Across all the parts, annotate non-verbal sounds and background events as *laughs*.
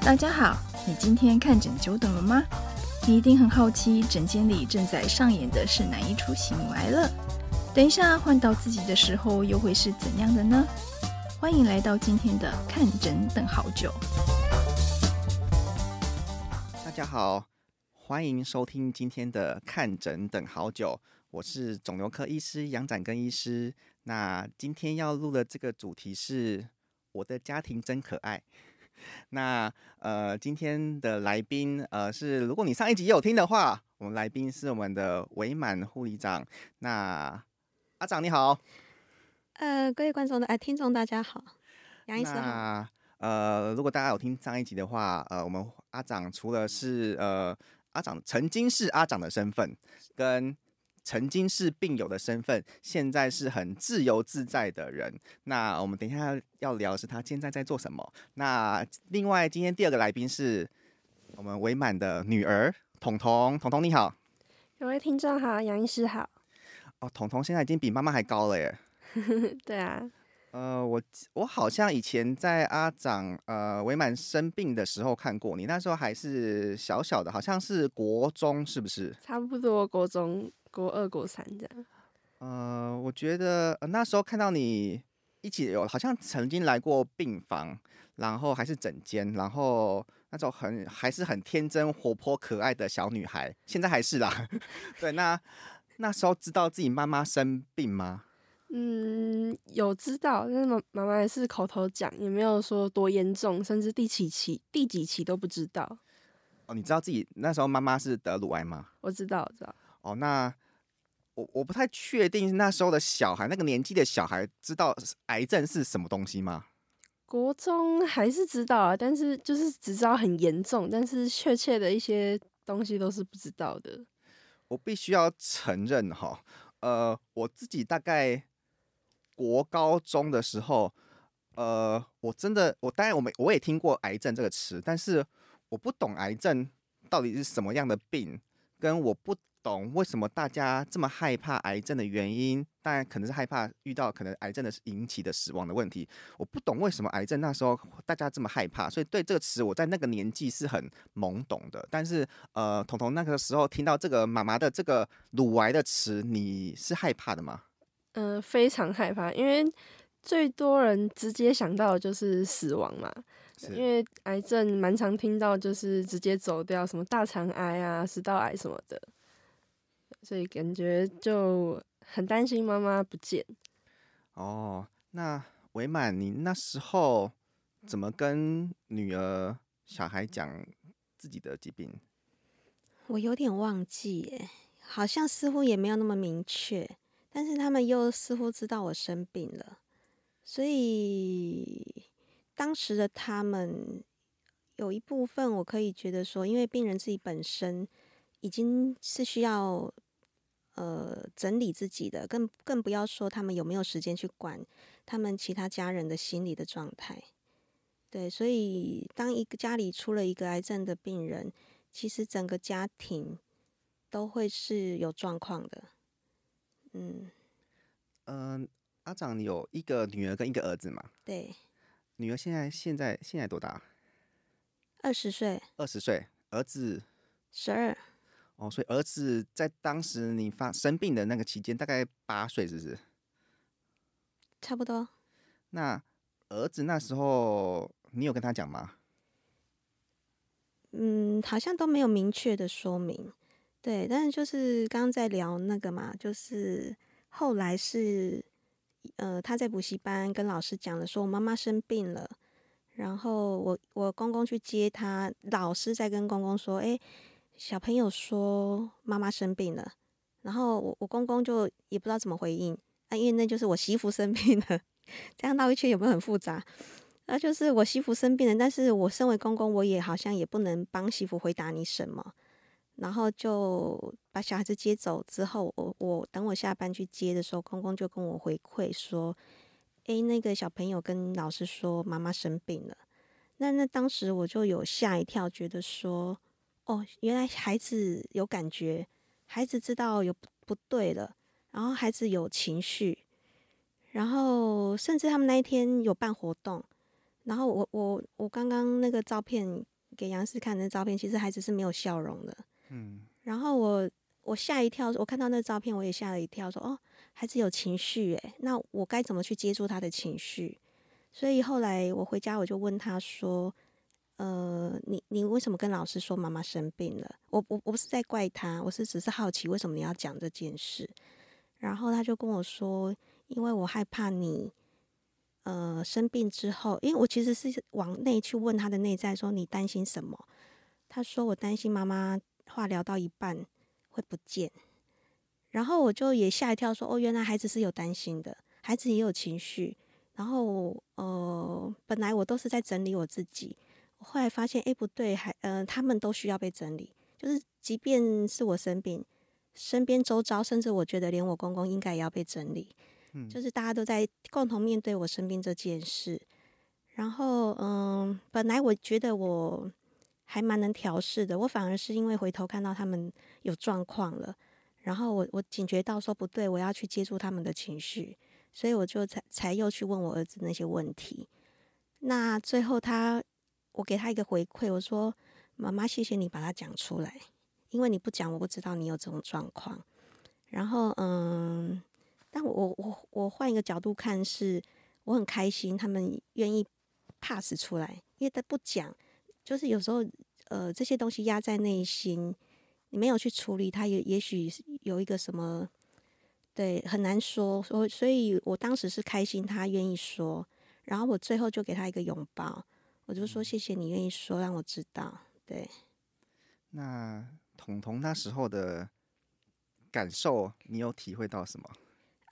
大家好，你今天看診久等了嗎？你一定很好奇，診間裡正在上演的是哪一出喜怒哀樂。等一下換到自己的時候，又會是怎樣的呢？歡迎來到今天的看診等好久。大家好，歡迎收聽今天的看診等好久，我是腫瘤科醫師楊展庚醫師。那今天要錄的這個主題是我的家庭真可愛。那呃，今天的來賓呃是，如果你上一集也有聽的話，我們來賓是我們的維滿護理長。那阿長你好，呃，各位觀眾的哎，聽眾大家好，楊醫生好。那呃，如果大家有聽上一集的話，呃，我們阿長除了是呃阿長，曾經是阿長的身份，跟，曾經是病友的身份，現在是很自由自在的人。那我們等一下要聊的是他現在在做什麼。那另外，今天第二個來賓是我們維滿的女兒彤彤。彤彤你好，各位聽眾好，楊醫師好。哦，彤彤現在已經比媽媽還高了耶。 *laughs* 對啊。呃，我我好像以前在阿長呃維滿生病的時候看過你，那時候還是小小的，好像是國中，是不是？差不多國中。國二、國三這樣，呃，我覺得、呃、那時候看到你一起有，好像曾經來過病房，然後還是整間，然後那種很還是很天真、活潑、可愛的小女孩，現在還是啦。 *laughs* 對，那那時候知道自己媽媽生病嗎？嗯，有知道，但是媽媽媽還是口頭講，也沒有說多嚴重，甚至第幾期、第幾期都不知道。哦，你知道自己那時候媽媽是得乳癌嗎？我知道，知道。哦，那我我不太確定那時候的小孩，那個年紀的小孩知道癌症是什麼東西嗎？國中還是知道啊，但是就是只知道很嚴重，但是確切的一些東西都是不知道的。我必須要承認哈、哦，呃，我自己大概國高中的時候，呃，我真的我當然我們我也聽過癌症這個詞，但是我不懂癌症到底是什麼樣的病，跟我不。懂為什麼大家這麼害怕癌症的原因？當然可能是害怕遇到可能癌症的引起的死亡的問題。我不懂為什麼癌症那時候大家這麼害怕，所以對這個詞我在那個年紀是很懵懂的。但是呃，彤彤那個時候聽到這個媽媽的這個乳癌的詞，你是害怕的嗎？嗯、呃，非常害怕，因為最多人直接想到的就是死亡嘛，是因為癌症蠻常聽到就是直接走掉，什麼大腸癌啊、食道癌什麼的。所以感覺就很擔心媽媽不見。哦，那維滿，你那時候怎麼跟女兒、小孩講自己的疾病？我有點忘記耶，好像似乎也沒有那麼明確，但是他們又似乎知道我生病了。所以當時的他們有一部分，我可以覺得說，因為病人自己本身已經是需要。呃，整理自己的，更更不要說他們有沒有時間去管他們其他家人的心理的狀態。對，所以當一個家裡出了一個癌症的病人，其實整個家庭都會是有狀況的。嗯嗯，呃，阿長，你有一個女兒跟一個兒子嘛？對。女兒現在現在現在多大？二十歲。二十歲。兒子？十二。哦，所以兒子在當時你發生病的那個期間，大概八歲，是不是？差不多。那兒子那時候，你有跟他講嗎？嗯，好像都沒有明確的說明。對，但是就是剛剛在聊那個嘛，就是後來是呃他在補習班跟老師講了，說我媽媽生病了，然後我我公公去接他，老師在跟公公說，誒。小朋友說：“媽媽生病了。”然後我我公公就也不知道怎麼回應啊，因為那就是我媳婦生病了。 *laughs* 這樣繞一圈有沒有很複雜？那、啊、就是我媳婦生病了，但是我身為公公，我也好像也不能幫媳婦回答你什麼。然後就把小孩子接走之後，我我等我下班去接的時候，公公就跟我回饋說：“誒、欸，那個小朋友跟老師說媽媽生病了。”那那當時我就有嚇一跳，覺得說。哦，原來孩子有感覺，孩子知道有不,不對了，然後孩子有情緒，然後甚至他們那一天有辦活動，然後我我我剛剛那個照片給楊師看那照片，其實孩子是沒有笑容的，嗯，然後我我嚇一跳，我看到那照片我也嚇了一跳說，說哦，孩子有情緒誒，那我該怎麼去接住他的情緒？所以後來我回家我就問他說。呃，你你為什麼跟老師說媽媽生病了？我我我不是在怪他，我是只是好奇為什麼你要講這件事。然後他就跟我說，因為我害怕你呃生病之後，因為我其實是往內去問他的內在，說，你擔心什麼？他說我擔心媽媽化療到一半會不見。然後我就也嚇一跳說哦，原來孩子是有擔心的，孩子也有情緒。然後呃，本來我都是在整理我自己。我後來發現，哎、欸，不對，還，嗯、呃，他們都需要被整理。就是即便是我生病，身邊周遭，甚至我覺得連我公公應該也要被整理。嗯，就是大家都在共同面對我生病這件事。然後，嗯，本來我覺得我還蠻能調適的，我反而是因為回頭看到他們有狀況了，然後我我警覺到說不對，我要去接觸他們的情緒，所以我就才才又去問我兒子那些問題。那最後他。我給他一個回饋，我說：“媽媽，謝謝你把他講出來，因為你不講，我不知道你有這種狀況。”然後，嗯，但我我我換一個角度看是，是我很開心，他們願意 pass 出來，因為他不講，就是有時候，呃，這些東西壓在內心，你沒有去處理，他也也許有一個什麼，對，很難說。所所以，我當時是開心，他願意說，然後我最後就給他一個擁抱。我就說，謝謝你願意說，讓我知道。對，那彤彤那時候的感受，你有體會到什麼？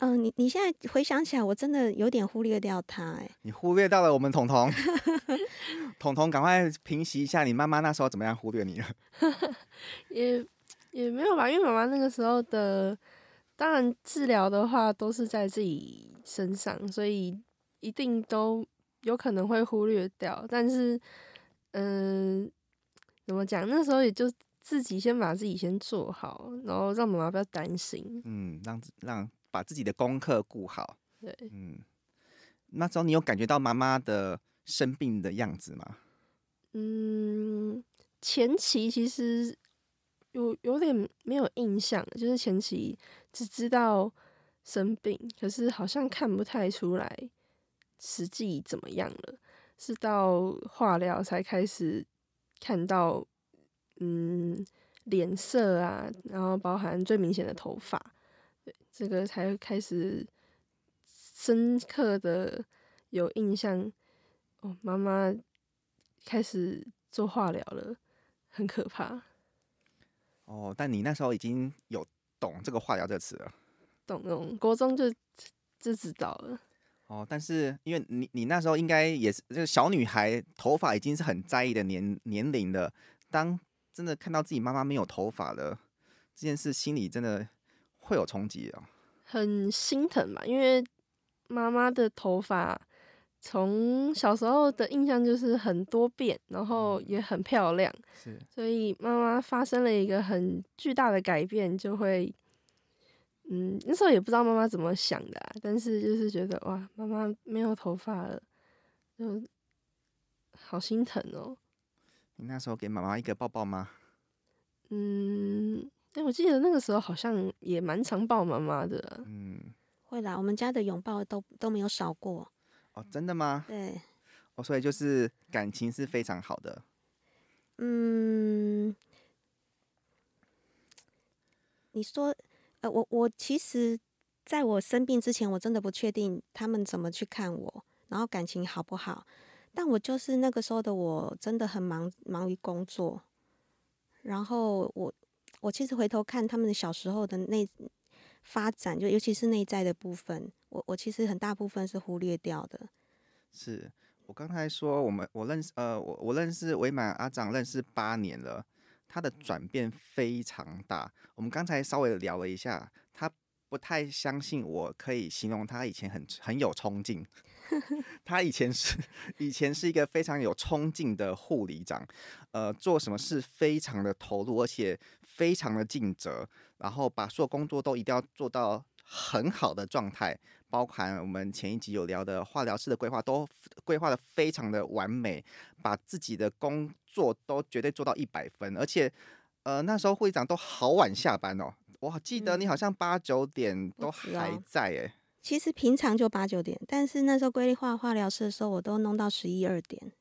嗯、呃，你你現在回想起來，我真的有點忽略掉他、欸。哎，你忽略到了我們彤彤， *laughs* 彤彤趕快平息一下，你媽媽那時候怎麼樣忽略你了？ *laughs* 也也沒有吧，因為媽媽那個時候的，當然治療的話都是在自己身上，所以一定都。有可能會忽略掉，但是，嗯、呃，怎麼講？那時候也就自己先把自己先做好，然後讓媽媽不要擔心。嗯，讓讓把自己的功課顧好。對，嗯，那時候你有感覺到媽媽的生病的樣子嗎？嗯，前期其實有有點沒有印象，就是前期只知道生病，可是好像看不太出來。實際怎麼樣了？是到化療才開始看到，嗯，臉色啊，然後包含最明顯的頭髮，這個才開始深刻的有印象。哦，媽媽開始做化療了，很可怕。哦，但你那時候已經有懂這個化療這個詞了，懂懂國中就就知道了。哦，但是因為你你那時候應該也是就是小女孩，頭髮已經是很在意的年年齡了。當真的看到自己媽媽沒有頭髮了這件事，心裡真的會有衝擊哦，很心疼吧？因為媽媽的頭髮從小時候的印象就是很多變，然後也很漂亮，嗯、是。所以媽媽發生了一個很巨大的改變，就會。嗯，那時候也不知道媽媽怎麼想的啊，但是就是覺得哇，媽媽沒有頭髮了，就好心疼哦。你那時候給媽媽一個抱抱嗎？嗯，哎，我記得那個時候好像也蠻常抱媽媽的啊。嗯，會啦，我們家的擁抱都都沒有少過。哦，真的嗎？對，哦，所以就是感情是非常好的。嗯，你說。呃，我我其實在我生病之前，我真的不確定他們怎麼去看我，然後感情好不好。但我就是那個時候的我，真的很忙，忙於工作。然後我我其實回頭看他們小時候的內發展，就尤其是內在的部分，我我其實很大部分是忽略掉的。是我剛才說我，我們、呃、我，我認識呃，我我認識維滿阿長認識八年了。他的轉變非常大。我們剛才稍微聊了一下，他不太相信，我可以形容他以前很很有衝勁， *laughs* 他以前是以前是一個非常有衝勁的護理長，呃，做什麼事非常的投入，而且非常的盡責，然後把所有工作都一定要做到很好的狀態。包含我們前一集有聊的化療室的規劃都規劃得非常的完美，把自己的工作都絕對做到一百分，而且，呃，那時候會長都好晚下班哦，我記得你好像八九點、嗯、都還在哎、欸。其實平常就八九點，但是那時候規劃療室的時候，我都弄到十一二點。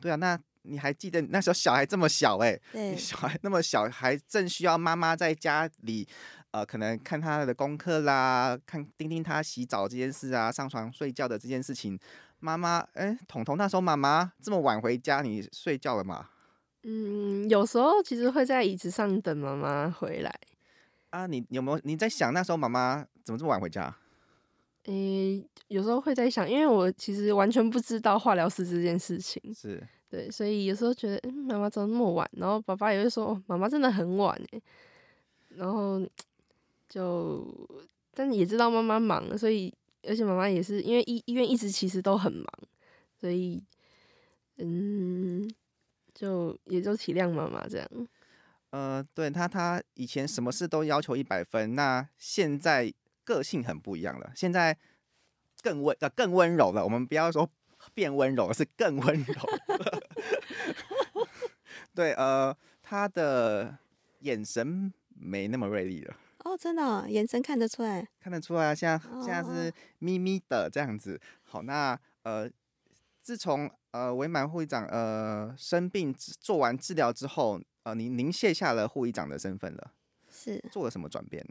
對啊，那你還記得那時候小孩這麼小哎、欸，對，小孩那麼小還正需要媽媽在家裡。呃，可能看他的功課啦，看彤彤他洗澡這件事啊，上床睡覺的這件事情，媽媽，哎，彤彤，那時候媽媽這麼晚回家，你睡覺了嗎？嗯，有時候其實會在椅子上等媽媽回來啊。你有沒有你在想那時候媽媽怎麼這麼晚回家？嗯，有時候會在想，因為我其實完全不知道化療室這件事情，是對，所以有時候覺得，媽媽走那麼晚，然後爸爸也會說，哦，媽媽真的很晚，然後。就，但也知道媽媽忙，所以，而且媽媽也是因為醫醫院一直其實都很忙，所以嗯，就也就體諒媽媽這樣。呃，對他，他以前什麼事都要求一百分，嗯、那現在個性很不一樣了，現在更溫呃更溫柔了。我們不要說變溫柔，而是更溫柔。 *laughs* *laughs* *laughs* 對，呃，他的眼神沒那麼銳利了。哦，oh, 真的，哦，眼神看得出來，看得出來啊！現在、oh, 現在是咪咪的這樣子。好，那呃，自從呃維滿護理長呃生病做完治療之後，呃，您您卸下了護理長的身份了，是做了什麼轉變？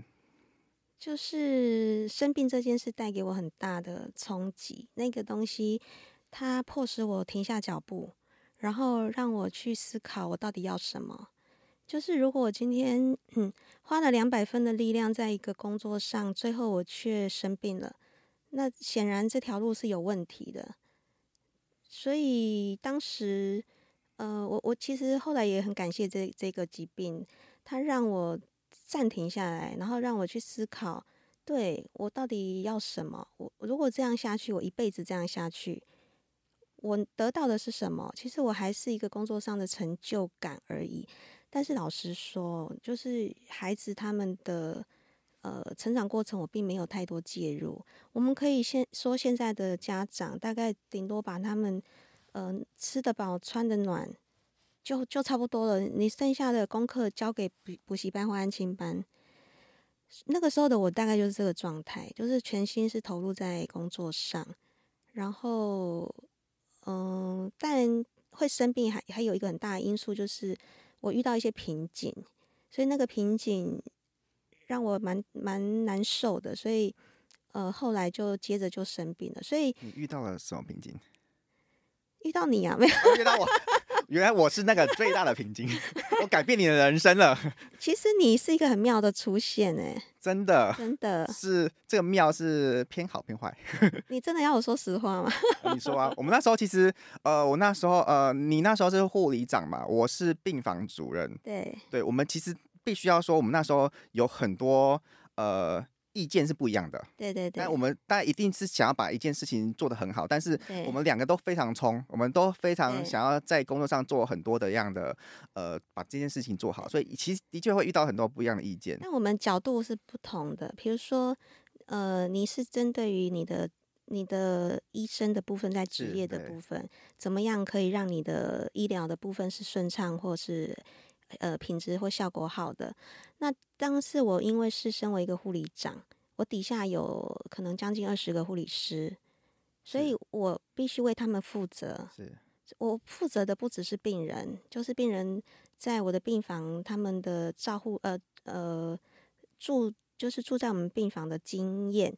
就是生病這件事帶給我很大的衝擊，那個東西它迫使我停下腳步，然後讓我去思考我到底要什麼。就是如果我今天嗯花了兩百分的力量在一個工作上，最後我卻生病了，那顯然這條路是有問題的。所以當時，呃，我我其實後來也很感謝這這個疾病，它讓我暫停下來，然後讓我去思考，對，我到底要什麼？我，我如果這樣下去，我一輩子這樣下去，我得到的是什麼？其實我還是一個工作上的成就感而已。但是，老實說，就是孩子他們的呃成長過程，我並沒有太多介入。我們可以先說，現在的家長大概頂多把他們嗯、呃、吃得飽、穿得暖就就差不多了。你剩下的功課交給補補習班或安親班。那個時候的我大概就是這個狀態，就是全心是投入在工作上，然後嗯、呃，但會生病，還還有一個很大的因素就是。我遇到一些瓶頸，所以那個瓶頸讓我蠻蠻難受的，所以呃，後來就接着就生病了。所以你遇到了什麼瓶頸？遇到你啊，沒有，啊，遇到我。 *laughs* 原來我是那個最大的瓶頸， *laughs* *laughs* 我改變你的人生了。 *laughs* 其實你是一個很妙的出現，欸，哎，真的，真的是這個妙是偏好偏壞。 *laughs* 你真的要我說實話嗎？ *laughs* 你說啊，我們那時候其實，呃，我那時候，呃，你那時候是護理長嘛，我是病房主任。對，對，我們其實必須要說，我們那時候有很多，呃。意見是不一樣的，對對對。但我們大家一定是想要把一件事情做得很好，但是我們兩個都非常衝，對我們都非常想要在工作上做很多的樣的，對呃，把這件事情做好。所以其實的確會遇到很多不一樣的意見。那我們角度是不同的，比如說，呃，你是針對於你的你的醫生的部分，在職業的部分，怎麼樣可以讓你的醫療的部分是順暢，或是，呃，品質或效果好的。那當時我因為是身為一個護理長，我底下有可能將近二十個護理師，所以我必須為他們負責。是，我負責的不只是病人，就是病人在我的病房他們的照護，呃呃，住就是住在我們病房的經驗，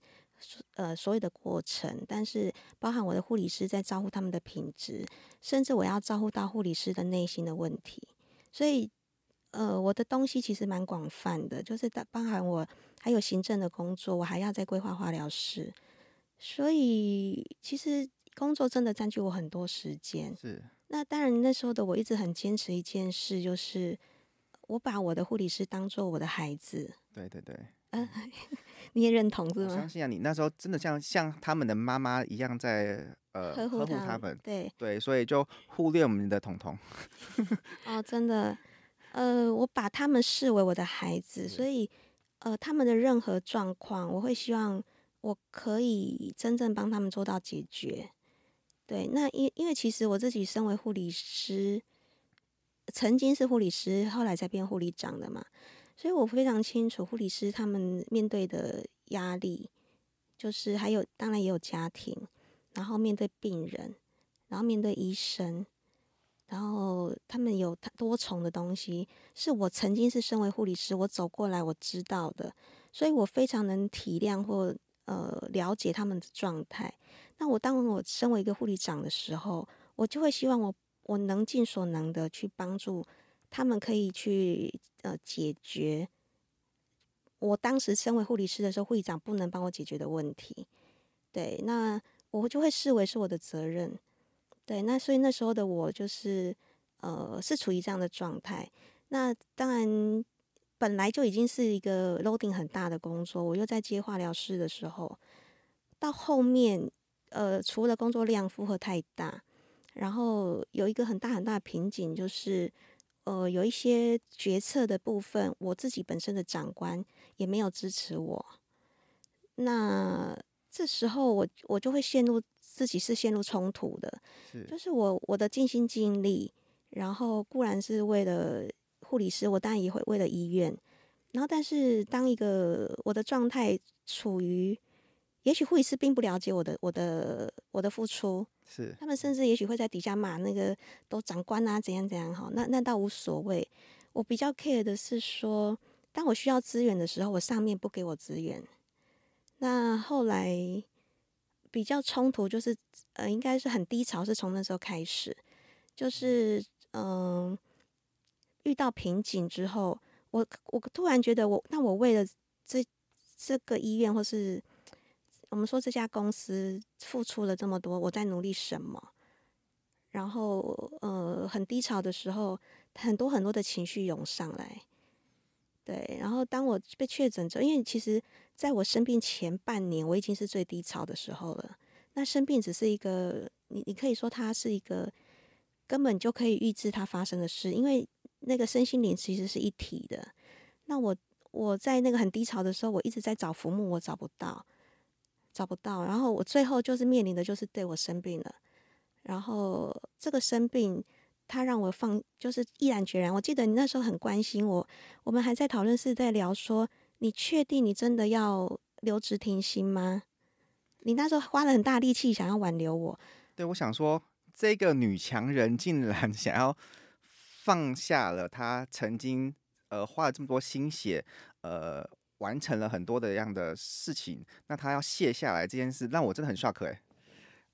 呃，所有的過程，但是包含我的護理師在照護他們的品質，甚至我要照護到護理師的內心的問題，所以。呃，我的東西其實蠻廣泛的，就是包含我還有行政的工作，我還要在規劃化療室，所以其實工作真的佔據我很多時間。是。那當然，那時候的我一直很堅持一件事，就是我把我的護理師當做我的孩子。對對對。嗯、呃，你也認同是嗎？我相信啊，你那時候真的像像他們的媽媽一樣在呃呵護他們。他們對對，所以就忽略我們的彤彤。哦，真的。呃，我把他們視為我的孩子，所以，呃，他們的任何狀況，我會希望我可以真正幫他們做到解決。對，那因因為其實我自己身為護理師，曾經是護理師，後來才變護理長的嘛，所以我非常清楚護理師他們面對的壓力，就是還有，當然也有家庭，然後面對病人，然後面對醫生。然後他們有多重的東西，是我曾經是身為護理師，我走過來我知道的，所以我非常能體諒或呃了解他們的狀態。那我當我身為一個護理長的時候，我就會希望我我能盡所能的去幫助他們，可以去呃解決我當時身為護理師的時候，護理長不能幫我解決的問題。對，那我就會視為是我的責任。對，那所以那時候的我就是，呃，是處於這樣的狀態。那當然，本來就已經是一個 loading 很大的工作，我又在接化療室的時候，到後面，呃，除了工作量負荷太大，然後有一個很大很大的瓶頸，就是，呃，有一些決策的部分，我自己本身的長官也沒有支持我。那這時候我，我我就會陷入。自己是陷入衝突的，是，就是我我的盡心盡力，然後固然是為了護理師，我當然也會為了醫院，然後但是當一個我的狀態處於，也許護理師並不了解我的我的我的付出，是，他們甚至也許會在底下罵那個都長官啊怎樣怎樣哈，那那倒無所謂，我比較 care 的是說，當我需要資源的時候，我上面不給我資源，那後來。比較衝突就是，呃，應該是很低潮是從那時候開始，就是，嗯、呃，遇到瓶頸之後，我我突然覺得我，那我為了這這個醫院或是我們說這家公司付出了這麼多，我在努力什麼？然後，呃，很低潮的時候，很多很多的情緒湧上來。對，然後當我被確診之後，因為其實在我生病前半年，我已經是最低潮的時候了。那生病只是一個，你你可以說它是一個根本就可以預知它發生的事，因為那個身心靈其實是一體的。那我我在那個很低潮的時候，我一直在找浮木，我找不到，找不到。然後我最後就是面臨的就是對，我生病了，然後這個生病。他讓我放，就是毅然決然。我記得你那時候很關心我，我們還在討論，是在聊說，你確定你真的要留職停薪嗎？你那時候花了很大力氣想要挽留我。對，我想說，這個女強人竟然想要放下了她曾經呃花了這麼多心血，呃完成了很多的樣的事情，那她要卸下來這件事，讓我真的很 shock 哎、欸。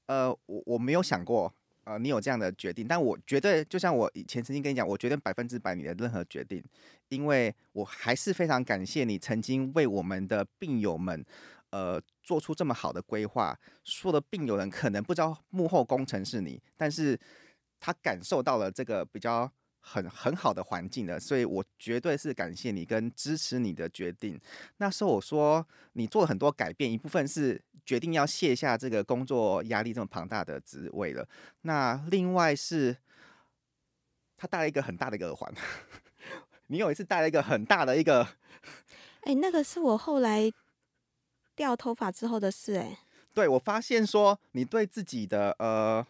呃，我我沒有想過。呃，你有這樣的決定，但我絕對就像我以前曾經跟你講，我絕對百分之百你的任何決定，因為我還是非常感謝你曾經為我們的病友們，呃，做出這麼好的規劃。說的病友們可能不知道幕後功臣是你，但是他感受到了這個比較。很很好的環境的，所以我絕對是感謝你跟支持你的決定。那時候我說你做了很多改變，一部分是決定要卸下這個工作壓力這麼龐大的職位了，那另外是他戴了， *laughs* 了一個很大的一個耳環。你有一次戴了一個很大的一個，哎，那個是我後來掉頭髮之後的事，欸。哎，對，我發現說你對自己的呃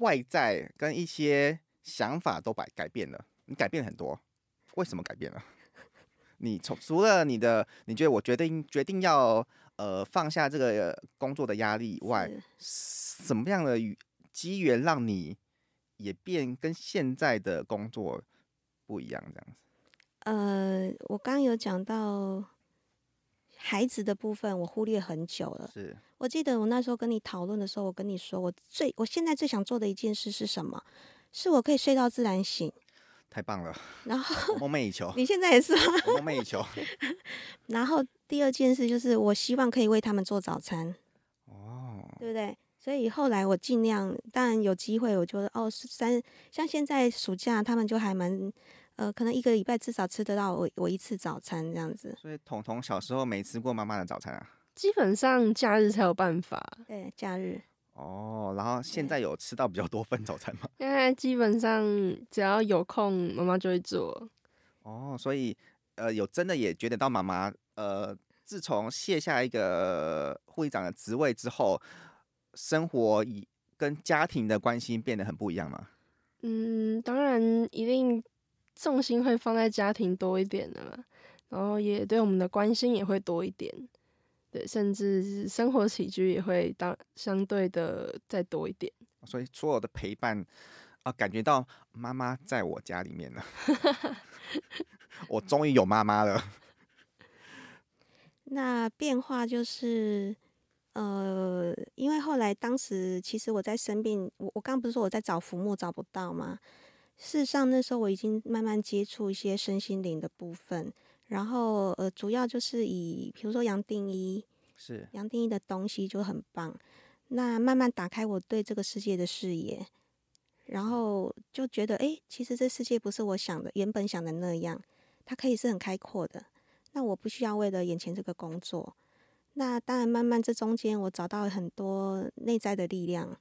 外在跟一些。想法都改改變了，你改變很多，為什麼改變了？你從除了你的，你覺得我決定決定要呃放下這個工作的壓力以外，是什麼樣的機緣讓你也變跟現在的工作不一樣？這樣子？呃，我剛有講到孩子的部分，我忽略很久了。是我記得我那時候跟你討論的時候，我跟你說，我最我現在最想做的一件事是什麼？是我可以睡到自然醒，太棒了。然後夢寐、哦、以求，你現在也是夢寐、哦、以求。 *laughs* 然後第二件事就是，我希望可以為他們做早餐。哦，對不對？所以後來我盡量，當然有機會我，我覺得哦三，像現在暑假，他們就還蠻，呃，可能一個禮拜至少吃得到我我一次早餐這樣子。所以彤彤小時候沒吃過媽媽的早餐啊？基本上假日才有辦法。對，假日。哦，然後現在有吃到比較多份早餐嗎？現在基本上只要有空，媽媽就會做。哦，所以呃，有真的也覺得到媽媽呃，自從卸下一個護理長的職位之後，生活以跟家庭的關係變得很不一樣嗎？嗯，當然一定重心會放在家庭多一點的嘛，然後也對我們的關心也會多一點。對，甚至是生活起居也會到相對的再多一點，所以所有的陪伴啊、呃，感覺到媽媽在我家裡面了， *laughs* 我終於有媽媽了。 *laughs* 那變化就是，呃，因為後來當時其實我在生病，我我剛不是說我在找浮木找不到嗎？事實上那時候我已經慢慢接觸一些身心靈的部分。然後，呃，主要就是以，比如說楊定一，是楊定一的東西就很棒。那慢慢打開我對這個世界的視野，然後就覺得，哎，其實這世界不是我想的原本想的那樣，它可以是很開闊的。那我不需要為了眼前這個工作。那當然，慢慢這中間我找到了很多內在的力量。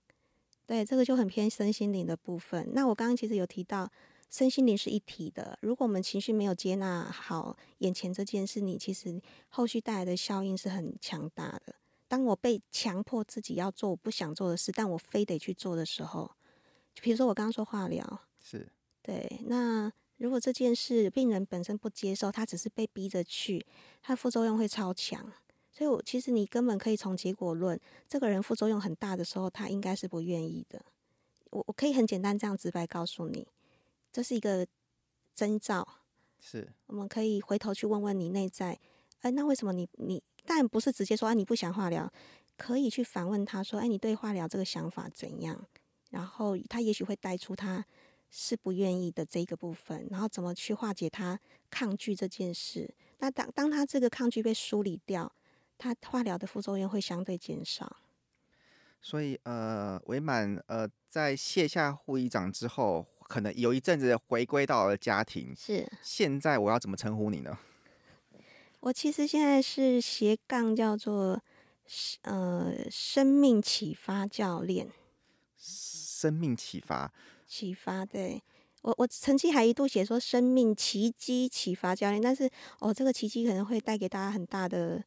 對，這個就很偏身心靈的部分。那我剛剛其實有提到。身心靈是一體的。如果我們情緒沒有接納好眼前這件事，你其實後續帶來的效應是很強大的。當我被強迫自己要做我不想做的事，但我非得去做的時候，就比如說我剛剛說化療，是對。那如果這件事病人本身不接受，他只是被逼着去，他副作用會超強。所以我其實你根本可以從結果論，這個人副作用很大的時候，他應該是不願意的。我我可以很簡單這樣直白告訴你。這是一個徵兆，是，我們可以回頭去問問你內在，哎，那為什麼你你，但不是直接說啊，你不想化療，可以去反問他說，哎，你對化療這個想法怎樣？然後他也許會帶出他是不願意的這個部分，然後怎麼去化解他抗拒這件事？那當當他這個抗拒被梳理掉，他化療的副作用會相對減少。所以呃，維滿呃，在卸下護衣長之後。可能有一陣子回歸到了家庭，是。現在我要怎麼稱呼你呢？我其實現在是斜槓，叫做呃生命啟發教練。生命啟發？啟發對。我我曾經還一度寫說生命奇蹟啟發教練，但是哦，這個奇蹟可能會帶給大家很大的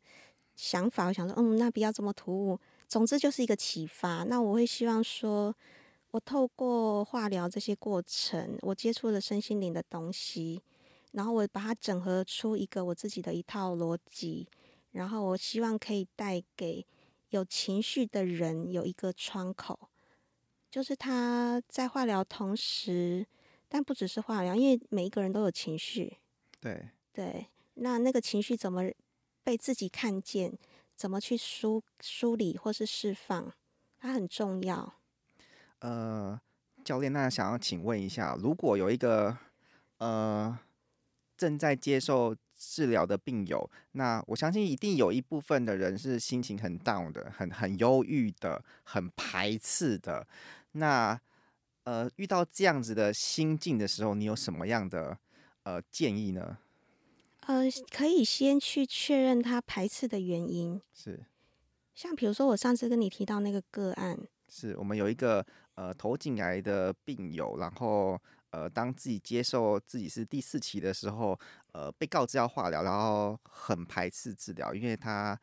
想法。我想說，嗯，那不要這麼突兀。總之就是一個啟發。那我會希望說。我透過化療這些過程，我接觸了身心靈的東西，然後我把它整合出一個我自己的一套邏輯，然後我希望可以帶給有情緒的人有一個窗口，就是他在化療同時，但不只是化療，因為每一個人都有情緒。對對，那那個情緒怎麼被自己看見？怎麼去梳梳理或是釋放？它很重要。呃，教練、啊，那想要請問一下，如果有一個呃正在接受治療的病友，那我相信一定有一部分的人是心情很 down 的，很很憂鬱的，很排斥的。那呃，遇到這樣子的心境的時候，你有什麼樣的呃建議呢？呃，可以先去確認他排斥的原因，是像比如說我上次跟你提到那個個案，是我們有一個。呃，投進來的病友，然後呃，當自己接受自己是第四期的時候，呃，被告知要化療，然後很排斥治療，因為他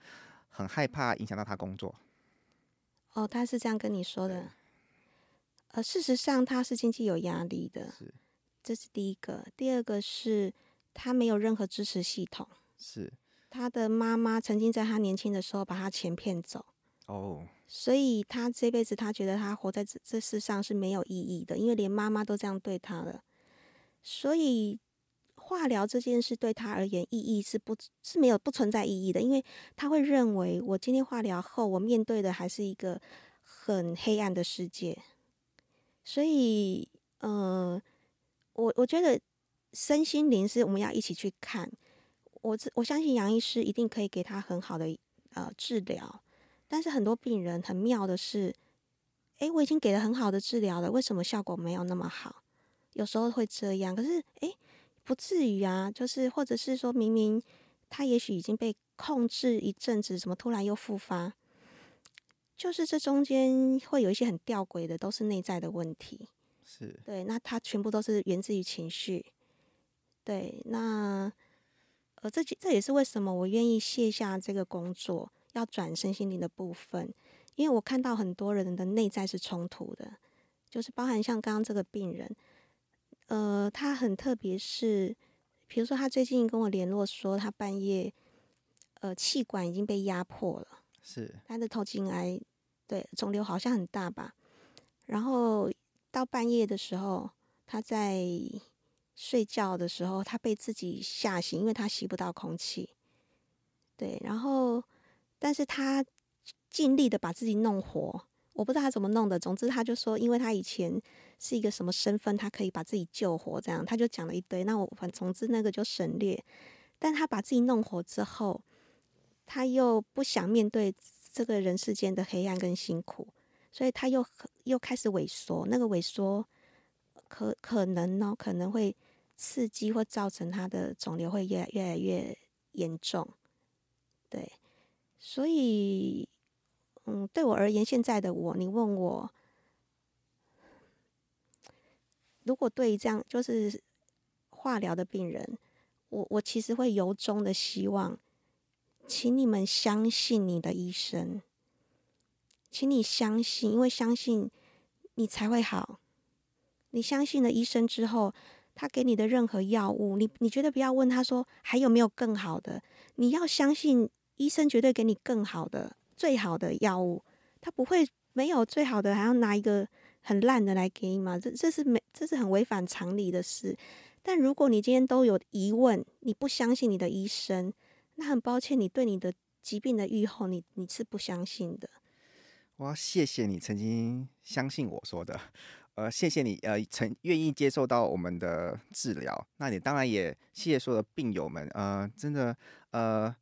很害怕影響到他工作。哦，他是這樣跟你說的。對呃，事實上他是經濟有壓力的，是，這是第一個。第二個是他沒有任何支持系統，是他的媽媽曾經在他年輕的時候把他錢騙走。哦。所以他這輩子，他覺得他活在這這世上是沒有意義的，因為連媽媽都這樣對他了。所以化療這件事對他而言意義是不是沒有不存在意義的，因為他會認為我今天化療後，我面對的還是一個很黑暗的世界。所以，呃，我我覺得身心靈是我們要一起去看。我這我相信楊醫師一定可以給他很好的呃治療。但是很多病人很妙的是，哎、欸，我已經給了很好的治療了，為什麼效果沒有那麼好？有時候會這樣。可是，哎、欸，不至於啊。就是，或者是說明明他也許已經被控制一陣子，什麼突然又復發？就是這中間會有一些很吊詭的，都是內在的問題。是，對，那他全部都是源自於情緒。對，那呃，這這也是為什麼我願意卸下這個工作。要轉身心靈的部分，因為我看到很多人的內在是衝突的，就是包含像剛剛這個病人，呃，他很特別是，比如說他最近跟我聯絡說，他半夜，呃，氣管已經被壓迫了，是他的頭頸癌，對，腫瘤好像很大吧，然後到半夜的時候，他在睡覺的時候，他被自己嚇醒，因為他吸不到空氣，對，然後。但是他盡力的把自己弄活，我不知道他怎麼弄的。總之，他就說，因為他以前是一個什麼身份，他可以把自己救活，這樣他就講了一堆。那我反正總之那個就省略。但他把自己弄活之後，他又不想面對這個人世間的黑暗跟辛苦，所以他又又開始萎縮。那個萎縮可可能呢、哦，可能會刺激或造成他的腫瘤會越越來越嚴重，對。所以，嗯，對我而言，現在的我，你問我，如果對於這樣就是化療的病人，我我其實會由衷的希望，請你們相信你的醫生，請你相信，因為相信你才會好。你相信了醫生之後，他給你的任何藥物，你你絕對不要問他說還有沒有更好的，你要相信。醫生絕對給你更好的、最好的藥物，他不會沒有最好的，還要拿一個很爛的來給你嗎？這這是沒，這是很違反常理的事。但如果你今天都有疑問，你不相信你的醫生，那很抱歉，你對你的疾病的預後，你你是不相信的。我要謝謝你曾經相信我說的，呃，謝謝你，呃，曾願意接受到我們的治療。那你當然也謝謝所有的病友們，呃，真的，呃。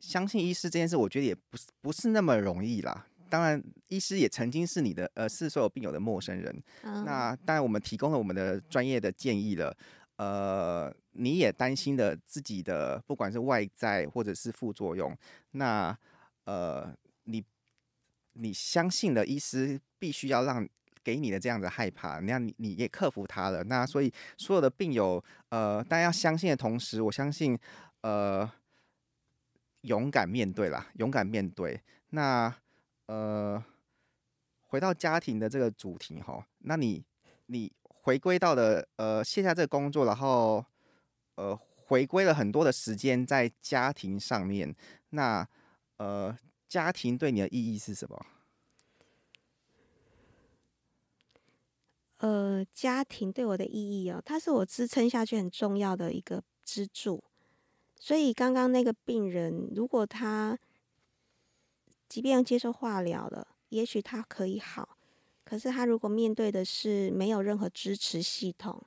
相信醫師這件事，我覺得也不是不是那麼容易啦。當然，醫師也曾經是你的，呃，是所有病友的陌生人。Oh. 那當然，我們提供了我們的專業的建議了。呃，你也擔心了自己的，不管是外在或者是副作用。那呃，你你相信了醫師，必須要讓給你的這樣子害怕，那樣你你，你也克服他了。那所以所有的病友，呃，大家要相信的同時，我相信，呃。勇敢面對啦，勇敢面對。那呃，回到家庭的這個主題哈、哦，那你你回歸到了呃，卸下這個工作，然後呃，回歸了很多的時間在家庭上面。那呃，家庭對你的意義是什麼？呃，家庭對我的意義哦，它是我支撐下去很重要的一個支柱。所以，剛剛那個病人，如果他即便要接受化療了，也許他可以好。可是，他如果面對的是沒有任何支持系統，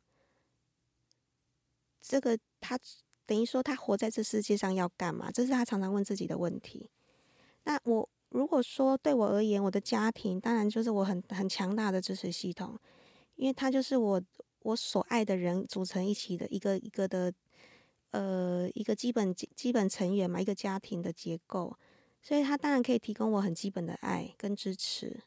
這個他等於說他活在這世界上要幹嘛？這是他常常問自己的問題。那我如果說對我而言，我的家庭當然就是我很很強大的支持系統，因為他就是我我所愛的人組成一起的一個一個的。呃，一個基本基基本成員嘛，一個家庭的結構，所以他當然可以提供我很基本的愛跟支持。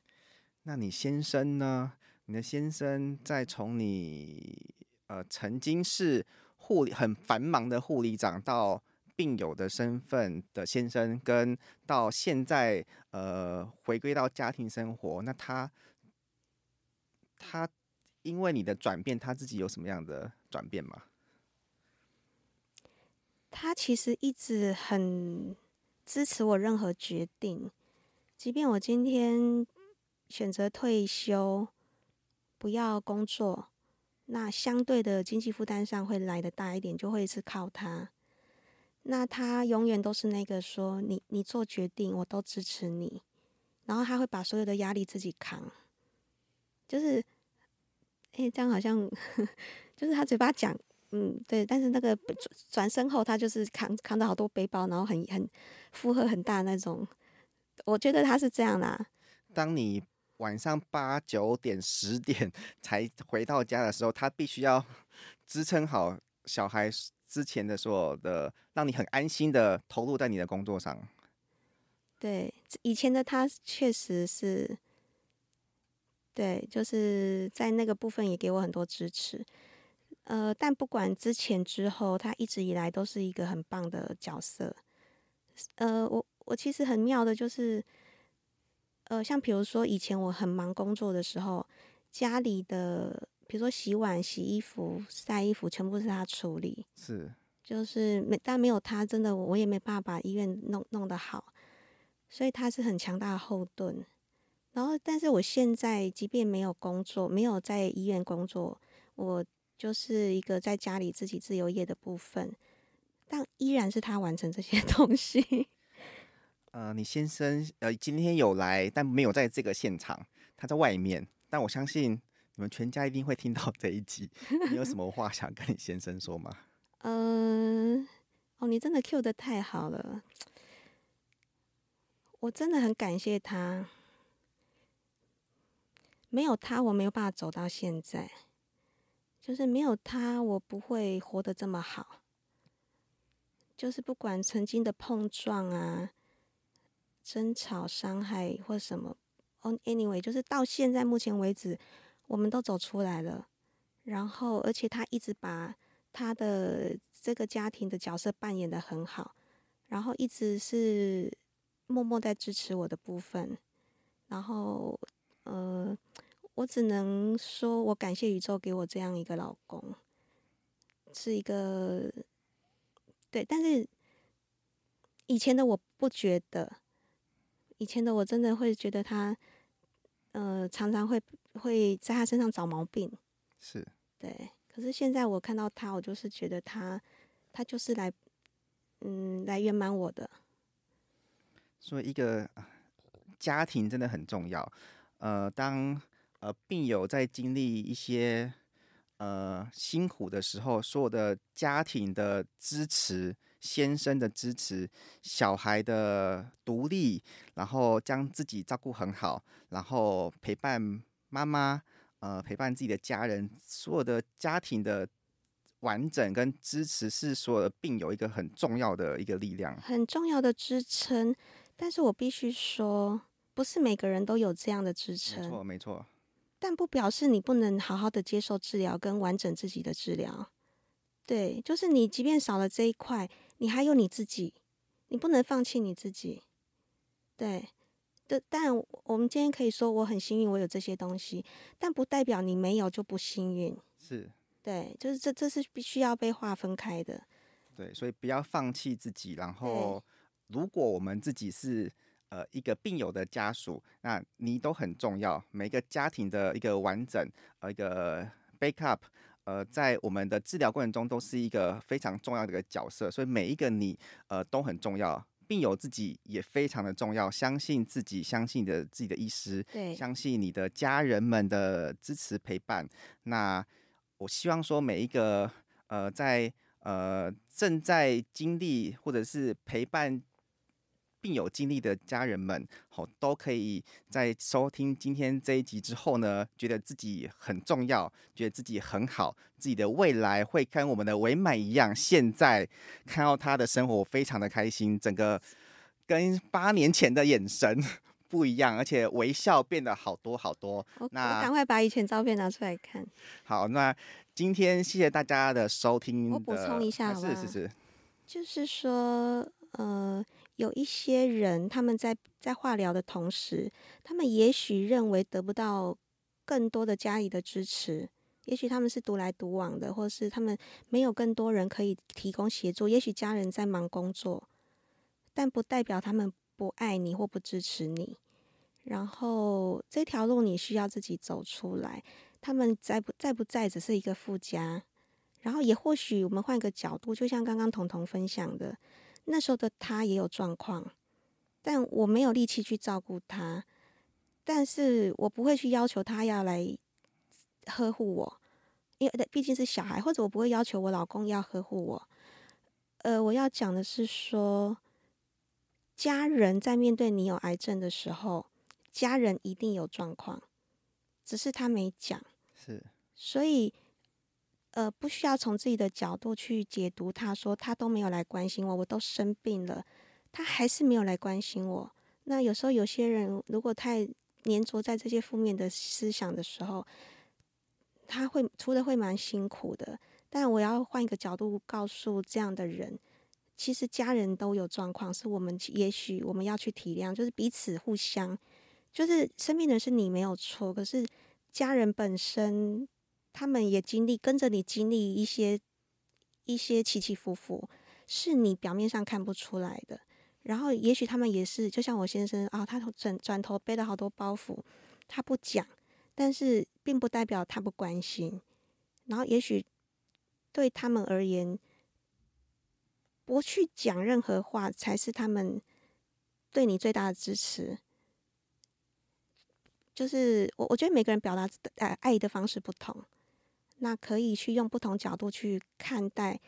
那你先生呢？你的先生在從你呃曾經是護理，很繁忙的護理長到病友的身份的先生，跟到現在呃回歸到家庭生活，那他他因為你的轉變，他自己有什麼樣的轉變嗎？他其實一直很支持我任何決定，即便我今天選擇退休不要工作，那相對的經濟負擔上會來的大一點，就會是靠他。那他永遠都是那個說，你你做決定，我都支持你，然後他會把所有的壓力自己扛，就是，誒，這樣好像， *laughs* 就是他嘴巴講。嗯，對，但是那個轉身後，他就是扛扛着好多背包，然後很很負荷很大那種。我覺得他是這樣啦。當你晚上八九點、十點才回到家的時候，他必須要支撐好小孩之前的所有的，讓你很安心的投入在你的工作上。對，以前的他確實是，對，就是在那個部分也給我很多支持。呃，但不管之前之後，他一直以來都是一個很棒的角色。呃，我我其實很妙的，就是呃，像比如說以前我很忙工作的時候，家裡的比如說洗碗、洗衣服、曬衣服，全部是他處理。是，就是沒，但沒有他，真的我也沒辦法把醫院弄弄得好。所以他是很強大的後盾。然後，但是我現在即便沒有工作，沒有在醫院工作，我。就是一個在家裡自己自由業的部分，但依然是他完成這些東西。呃，你先生呃今天有來，但沒有在這個現場，他在外面。但我相信你們全家一定會聽到這一集。你有什麼話想跟你先生說嗎？ *laughs* 呃，哦，你真的 cue 得太好了，我真的很感謝他，沒有他我沒有辦法走到現在。就是沒有他，我不會活得這麼好。就是不管曾經的碰撞啊、爭吵、傷害或什麼，Anyway，就是到現在目前為止，我們都走出來了。然後，而且他一直把他的這個家庭的角色扮演得很好，然後一直是默默在支持我的部分。然後，呃。我只能說，我感謝宇宙給我這樣一個老公，是一個，對。但是以前的我不覺得，以前的我真的會覺得他，呃，常常會會在他身上找毛病，是對。可是現在我看到他，我就是覺得他，他就是來，嗯，來圓滿我的。所以，一個家庭真的很重要。呃，當。呃，病友在經歷一些呃辛苦的時候，所有的家庭的支持、先生的支持、小孩的獨立，然後將自己照顧很好，然後陪伴媽媽，呃，陪伴自己的家人，所有的家庭的完整跟支持，是所有的病友一個很重要的一個力量，很重要的支撐。但是我必須說，不是每個人都有這樣的支撐。沒錯，沒錯。但不表示你不能好好的接受治療跟完整自己的治療，對，就是你即便少了這一塊，你還有你自己，你不能放棄你自己，對，但我們今天可以說我很幸運，我有這些東西，但不代表你沒有就不幸運，是，對，就是這這是必須要被劃分開的，對，所以不要放棄自己，然後如果我們自己是。呃，一個病友的家屬，那你都很重要。每一個家庭的一個完整，呃，一個 backup，呃，在我們的治療過程中都是一個非常重要的一個角色。所以每一個你，呃，都很重要。病友自己也非常的重要，相信自己，相信的自己的醫師，對，相信你的家人們的支持陪伴。那我希望說，每一個呃，在呃正在經歷或者是陪伴。並有經歷的家人們，好，都可以在收聽今天這一集之後呢，覺得自己很重要，覺得自己很好，自己的未來會跟我們的維滿一樣。現在看到他的生活，非常的開心，整個跟八年前的眼神不一樣，而且微笑變得好多好多。Okay. 那趕快把以前照片拿出來看。好，那今天謝謝大家的收聽的。我補充一下，是是、啊、是，是是就是說，呃。有一些人，他們在在化療的同時，他們也許認為得不到更多的家裡的支持，也許他們是獨來獨往的，或者是他們沒有更多人可以提供協助，也許家人在忙工作，但不代表他們不愛你或不支持你。然後這條路你需要自己走出來，他們在不在不在只是一個附加。然後也或許我們換一個角度，就像剛剛彤彤分享的。那時候的他也有狀況，但我沒有力氣去照顧他，但是我不會去要求他要來呵護我，因為畢竟是小孩，或者我不會要求我老公要呵護我。呃，我要講的是說，家人在面對你有癌症的時候，家人一定有狀況，只是他沒講。是，所以。呃，不需要從自己的角度去解讀他。他說他都沒有來關心我，我都生病了，他還是沒有來關心我。那有時候有些人如果太黏著在這些負面的思想的時候，他會出的會蠻辛苦的。但我要換一個角度告訴這樣的人，其實家人都有狀況，是我們也許我們要去體諒，就是彼此互相，就是生病的是你沒有錯，可是家人本身。他們也經歷跟着你經歷一些一些起起伏伏，是你表面上看不出來的。然後，也許他們也是，就像我先生啊、哦，他轉轉頭背了好多包袱，他不講，但是並不代表他不關心。然後，也許對他們而言，不去講任何話才是他們對你最大的支持。就是我，我覺得每個人表達愛、呃、愛的方式不同。那可以去用不同角度去看待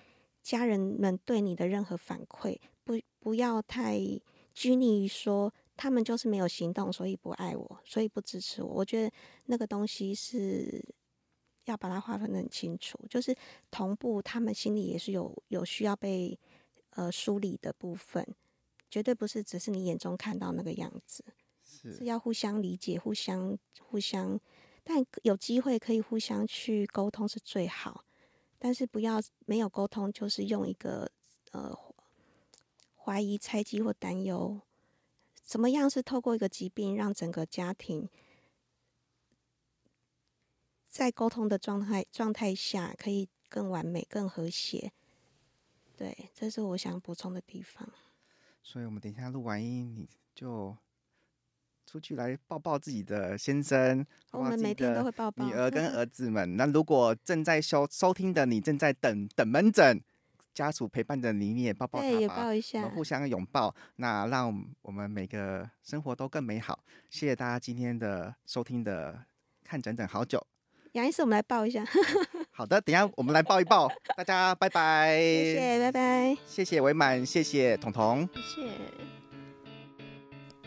家人們對你的任何反饋，不不要太拘泥於說他們就是沒有行動，所以不愛我，所以不支持我。我覺得那個東西是要把它劃分得很清楚，就是同步，他們心裡也是有有需要被呃梳理的部分，絕對不是只是你眼中看到那個樣子，是，是要互相理解，互相互相。但有機會可以互相去溝通是最好，但是不要沒有溝通，就是用一個呃懷疑、猜忌或擔憂，怎麼樣是透過一個疾病讓整個家庭在溝通的狀態狀態下可以更完美、更和諧。對，這是我想補充的地方。所以我們等一下錄完音你就。出去來抱抱自己的先生，抱抱女兒跟兒子們哦、我們每天都會抱抱女兒跟兒子們。那如果正在收收聽的你正在等等門診，家屬陪伴的你，你也抱抱他，對，也抱一下，互相擁抱。那讓我們每個生活都更美好。謝謝大家今天的收聽的，看整整好久。楊醫師，我們來抱一下。 *laughs* 好的，等一下我們來抱一抱。大家拜拜，謝謝，拜拜，謝謝維滿，謝謝彤彤，謝謝。